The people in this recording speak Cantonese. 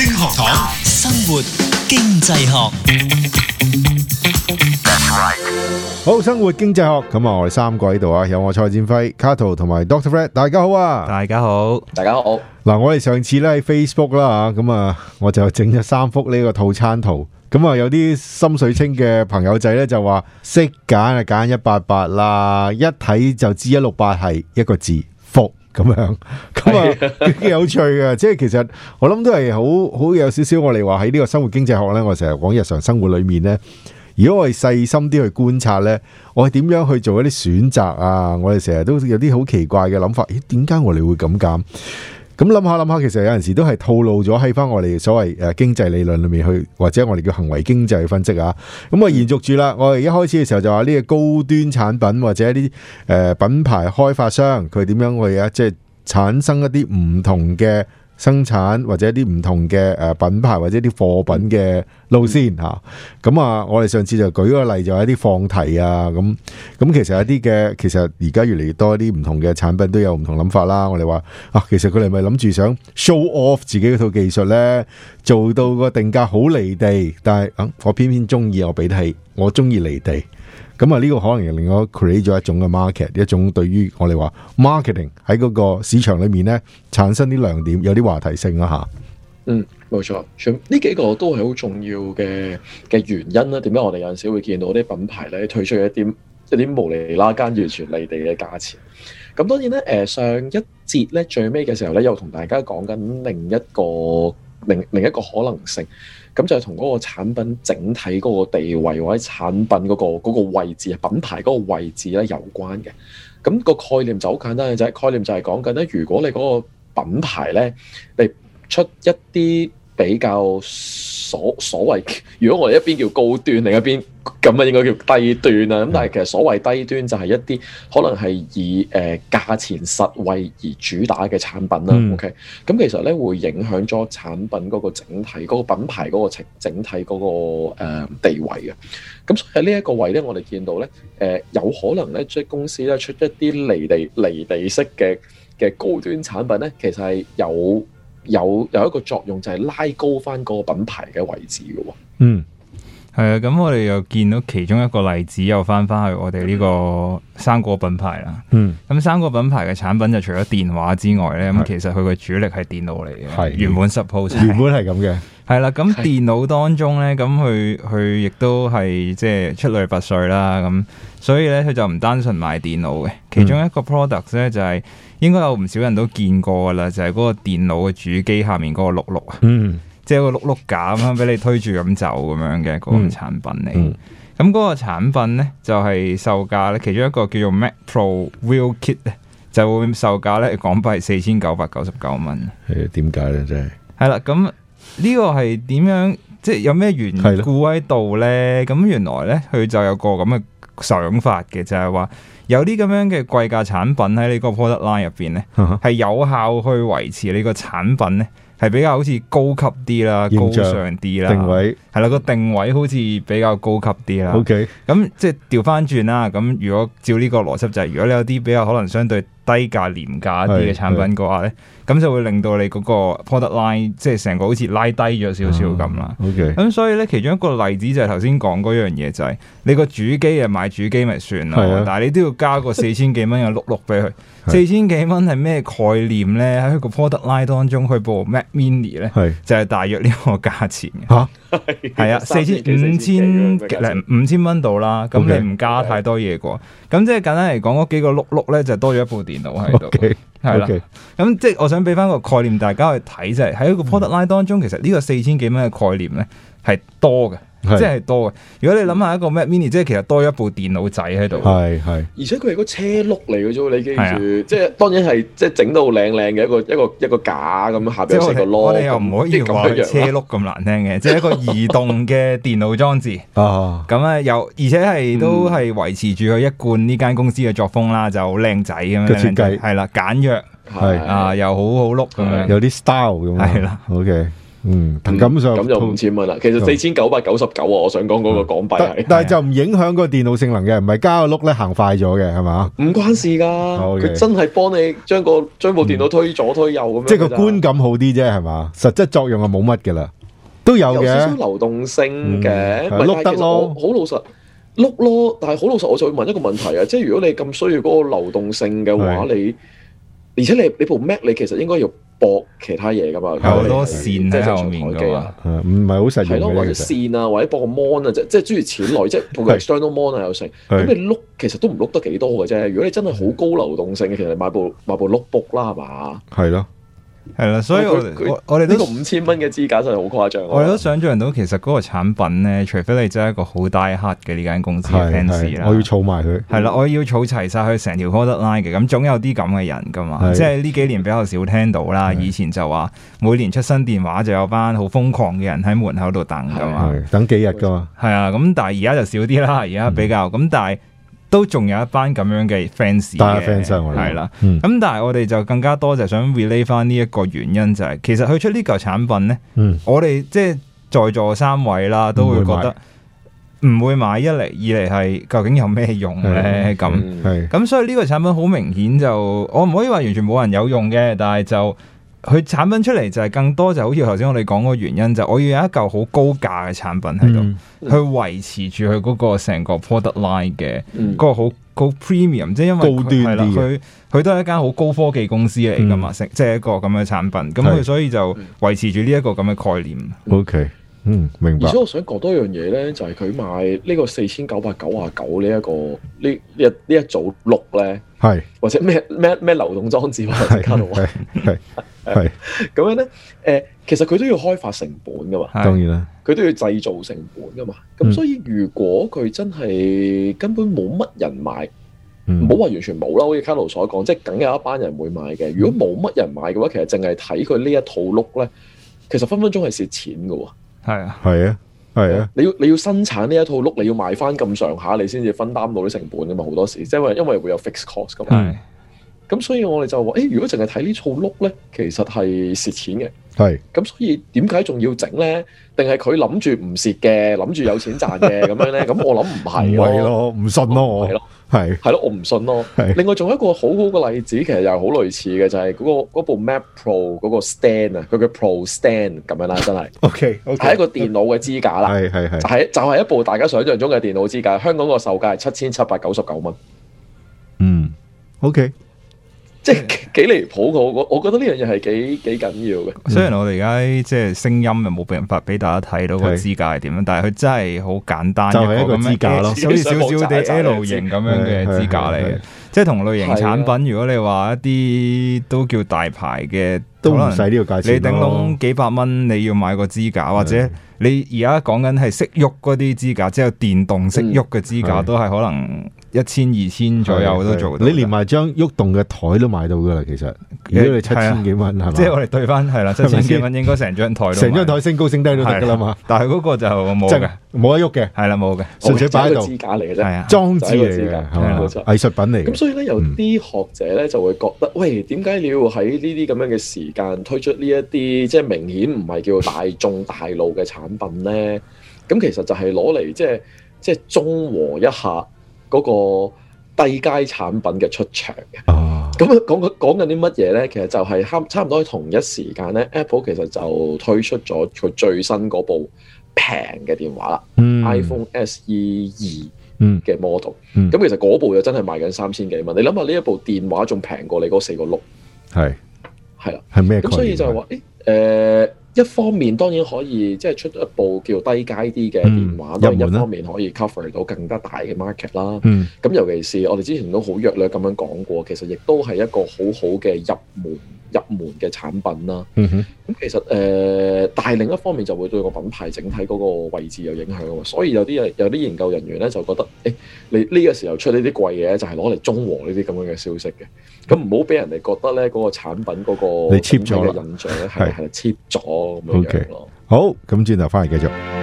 財星學堂，生活經濟學。好，生活經濟學。咁啊，我哋三個喺度啊，有我蔡展輝、卡圖同埋 Doctor Fred，大家好啊！大家好，大家好。嗱，我哋上次咧喺 Facebook 啦啊，咁啊，我就整咗三幅呢個套餐圖。咁啊，有啲心水清嘅朋友仔咧就話，識揀啊，揀一八八啦，一睇就知一六八係一個字。咁樣，咁啊，幾有趣嘅。 即係其實我諗都係好好有少少我哋話喺呢個生活經濟學呢，我成日講日常生活裏面呢，如果我係細心啲去觀察呢，我係點樣去做一啲選擇啊？我哋成日都有啲好奇怪嘅諗法，咦？點解我哋會咁揀？咁諗下諗下，其實有陣時都係透露咗喺翻我哋所謂誒經濟理論裏面去，或者我哋叫行為經濟去分析啊。咁啊，延續住啦，我哋一開始嘅時候就話呢、呢個高端產品或者啲誒、呃、品牌開發商佢點樣去啊，即係產生一啲唔同嘅。生產或者一啲唔同嘅誒品牌或者一啲貨品嘅路線吓，咁啊，我哋上次就舉個例就係一啲放題啊，咁咁其實一啲嘅，其實而家越嚟越多一啲唔同嘅產品都有唔同諗法啦。我哋話啊，其實佢哋咪諗住想 show off 自己嗰套技術呢，做到個定價好離地，但係啊，我偏偏中意我俾得起，我中意離地。咁啊，呢個可能令我 create 咗一種嘅 market，一種對於我哋話 marketing 喺嗰個市場裏面咧，產生啲亮點，有啲話題性啊嚇。嗯，冇錯，呢幾個都係好重要嘅嘅原因啦。點解我哋有陣時會見到啲品牌咧推出一啲一啲無厘拉間完全離地嘅價錢？咁當然咧，誒上一節咧最尾嘅時候咧，又同大家講緊另一個。另另一個可能性，咁就係同嗰個產品整體嗰個地位，或者產品嗰個嗰個位置、品牌嗰個位置咧有關嘅。咁個概念就好簡單嘅啫，概念就係講緊咧，如果你嗰個品牌咧你出一啲。比較所所謂，如果我一邊叫高端，另一邊咁啊，應該叫低端啦。咁但係其實所謂低端就係一啲可能係以誒、呃、價錢實惠而主打嘅產品啦。嗯、OK，咁其實咧會影響咗產品嗰個整體嗰、嗰個品牌嗰個整整體嗰、嗰個、呃、地位嘅。咁所以喺呢一個位咧，我哋見到咧誒、呃、有可能咧，即係公司咧出一啲離地離地式嘅嘅高端產品咧，其實係有。有有一個作用就係、是、拉高翻嗰個品牌嘅位置嘅喎。嗯，係啊，咁我哋又見到其中一個例子，又翻翻去我哋呢個果、嗯、生果品牌啦。嗯，咁生果品牌嘅產品就除咗電話之外呢，咁是其實佢嘅主力係電腦嚟嘅，係的原本 suppose，原本係咁嘅。 係啦，咁電腦當中咧，咁佢佢亦都係即係出類拔萃啦，咁所以咧佢就唔單純賣電腦嘅，其中一個 product 咧就係、是、應該有唔少人都見過噶啦，就係、是、嗰個電腦嘅主機下面嗰個碌碌啊，嗯、即係個碌碌架啦，俾你推住咁走咁樣嘅嗰、那個產品嚟。咁嗰、嗯嗯、個產品咧就係、是、售價咧，其中一個叫做 Mac Pro Wheel Kit 就會售價咧港幣四千九百九十九蚊。誒，點解咧？真係係啦，咁。呢個係點樣？即係有咩緣故喺度呢？咁的原來呢，佢就有個咁嘅想法嘅，就係、是、話有啲咁樣嘅貴價產品喺呢個 product line 入邊呢，係、啊、哈有效去維持你個產品呢，係比較好似高級啲啦、重高尚啲啦定位，定位係啦個定位好似比較高級啲啦。OK，咁即係調翻轉啦。咁如果照呢個邏輯就係，如果你有啲比較可能相對。低價廉價啲嘅產品嘅話咧，咁就會令到你嗰個 product line 即係成個好似拉低咗少少咁啦。咁、uh, okay. 所以咧其中一個例子就係頭先講嗰樣嘢就係、是、你個主機啊買主機咪算咯，的但係你都要加個四千幾蚊嘅碌碌俾佢。四千幾蚊係咩概念咧？喺個 product line 當中佢部 Mac Mini 咧，的的就係大約呢個價錢嘅。啊係啊，四千五千零五千蚊到啦，咁 你唔加太多嘢過，咁 即係簡單嚟講，嗰幾個碌碌咧就是，多咗一部電腦喺度，係啦，咁、 啊、即係我想俾翻個概念大家去睇就啫，喺一個 product line 當中， 其實呢個四千幾蚊嘅概念咧係多嘅。即係多嘅，如果你諗下一個 Mac Mini，即係其實多咗一部電腦仔喺度。係係，而且佢係個車碌嚟嘅啫，你記住，即係當然係即係整到靚靚嘅一個一個一個架咁下邊。即係我哋又唔可以話車碌咁難聽嘅，即係一個移動嘅電腦裝置。哦，咁啊又而且係都係維持住佢一貫呢間公司嘅作風啦，就好靚仔咁樣。個設計係啦，簡約係啊，又好好碌咁樣，有啲 style 咁啊。係啦，OK。嗯，咁就五千蚊啦。其實四千九百九十九啊，我想講嗰個港幣，但係就唔影響個電腦性能嘅，唔係加個碌咧行快咗嘅係嘛？唔關事噶，佢真係幫你將個將部電腦推左推右咁樣。即係個觀感好啲啫，係嘛？實質作用係冇乜噶啦，都有嘅少少流動性嘅咪碌得咯。好老實碌咯，但係好老實，我就會問一個問題啊，即係如果你咁需要嗰個流動性嘅話，你而且你你部 Mac 你其實應該要。搏其他嘢噶嘛，好多線即係枱面機啊，唔係好實用嘅。或者線啊，或者搏個 mon 啊，即即係中意錢嚟，即係 external mon 啊有 成、嗯。咁你碌其實都唔碌得幾多嘅啫。如果你真係好高流動性嘅，其實你買部買部碌 book 啦，係嘛？係咯。係啦，所以我哋呢個五千蚊嘅支架真係好誇張。我哋都想象到，其實嗰個產品咧，除非你真係一個好 die hard 嘅呢間公司嘅 fans 啦，我要儲埋佢。係啦，我要儲齊晒佢成條 product line 嘅，咁總有啲咁嘅人噶嘛。即係呢幾年比較少聽到啦，以前就話每年出新電話就有班好瘋狂嘅人喺門口度等噶嘛，等幾日噶嘛。係啊，咁但係而家就少啲啦，而家比較咁，但係。都仲有一班咁樣嘅 fans 嘅，係啦。咁的、嗯、但係我哋就更加多就想 relay 翻呢一個原因就係，其實佢出呢個產品呢，嗯、我哋即係在座三位啦，都會覺得唔會買一嚟二嚟，係究竟有咩用呢？咁咁所以呢個產品好明顯就，的我唔可以話完全冇人有用嘅，但係就。佢產品出嚟就係更多，就好似頭先我哋講個原因就係，我要有一嚿好高價嘅產品喺度，嗯、去維持住佢嗰個成個 product line 嘅，嗯、個好好 premium，即係因為高端係啦，佢佢都係一間好高科技公司嚟噶嘛，嗯、即係一個咁嘅產品，咁佢是所以就維持住呢一個咁嘅概念。O K。嗯，明白。而且我想講多一樣嘢咧，就係佢賣呢個四千九百九十九呢一個呢呢一呢一組碌咧，係是或者咩咩咩流動裝置。係係係咁樣咧，誒，其實佢都要開發成本噶嘛，當然啦，佢都要製造成本噶嘛。咁所以如果佢真係根本冇乜人買，唔好話完全冇啦，好似卡奴所講，即係梗有一班人會買嘅。如果冇乜人買嘅話，其實淨係睇佢呢一套碌咧，其實分分鐘係蝕錢噶。係啊，係啊，係啊！你要你要生產呢一套屋，你要賣翻咁上下，你先至分擔到啲成本噶嘛，好多時，即係因為因為會有 fixed cost 噶嘛、啊。咁所以我哋就話，誒，如果淨係睇呢套碌咧，其實係蝕錢嘅。係。咁所以點解仲要整咧？定係佢諗住唔蝕嘅，諗住有錢賺嘅咁樣咧？咁我諗唔係咯，唔信咯，我係咯，係係咯，我唔信咯。另外仲有一個好好嘅例子，其實又好類似嘅，就係嗰個部 Mac Pro 嗰個 Stand 啊，佢叫 Pro Stand 咁樣啦，真係。O K，係一個電腦嘅支架啦。係就係一部大家想象中嘅電腦支架。香港個售價係七千七百九十九蚊。嗯。O K。 即係幾離譜嘅，我我覺得呢樣嘢係幾幾緊要嘅。雖然我哋而家即係聲音又冇俾人發俾大家睇到個支架係點樣，是但係佢真係好簡單，就係一個支架咯，好似小小啲 L 型咁樣嘅支架嚟嘅。即係同類型產品，的如果你話一啲都叫大牌嘅，都唔使呢個價錢啊。你頂籠幾百蚊，你要買個支架，的或者你而家講緊係識喐嗰啲支架，的即係有電動識喐嘅支架，的都係可能一千的二千左右都做到。你連埋張喐動嘅台都買到噶啦，其實。如果你七千幾蚊，係嘛？即係我哋對翻係啦，七千幾蚊應該成張台，成張台升高升低都得噶啦嘛。但係嗰個就冇真㗎，冇得喐嘅，係啦，冇嘅，純粹擺喺度支架嚟嘅啫，裝置嚟嘅，冇錯，藝術品嚟嘅。咁所以咧，有啲學者咧就會覺得，喂，點解你要喺呢啲咁樣嘅時間推出呢一啲即係明顯唔係叫大眾大路嘅產品咧？咁其實就係攞嚟即係即係中和一下嗰個。世界產品嘅出場，咁講講緊啲乜嘢咧？其實就係差差唔多喺同一時間咧，Apple 其實就推出咗佢最新嗰部平嘅電話啦、嗯、iPhone SE 二嘅 model。咁、嗯嗯、其實嗰部又真係賣緊三千幾蚊。你諗下呢一部電話仲平過你嗰四個六是，係係啦，係咩？咁所以就話誒誒。欸呃一方面當然可以即係出一部叫低階啲嘅電話，因、嗯、然一方面可以 cover 到更加大嘅 market 啦。咁、嗯、尤其是我哋之前都好弱略咁樣講過，其實亦都係一個好好嘅入門。入門嘅產品啦，咁、嗯、哼其實誒、呃，但另一方面就會對個品牌整體嗰個位置有影響啊，所以有啲有啲研究人員咧就覺得，誒、欸，你呢個時候出呢啲貴嘢，就係攞嚟中和呢啲咁樣嘅消息嘅，咁唔好俾人哋覺得咧嗰個產品嗰個你 cheap 咗嘅印象，係係 cheap 咗咁樣咯。 嗎 Okay. 好，咁轉頭翻嚟繼續。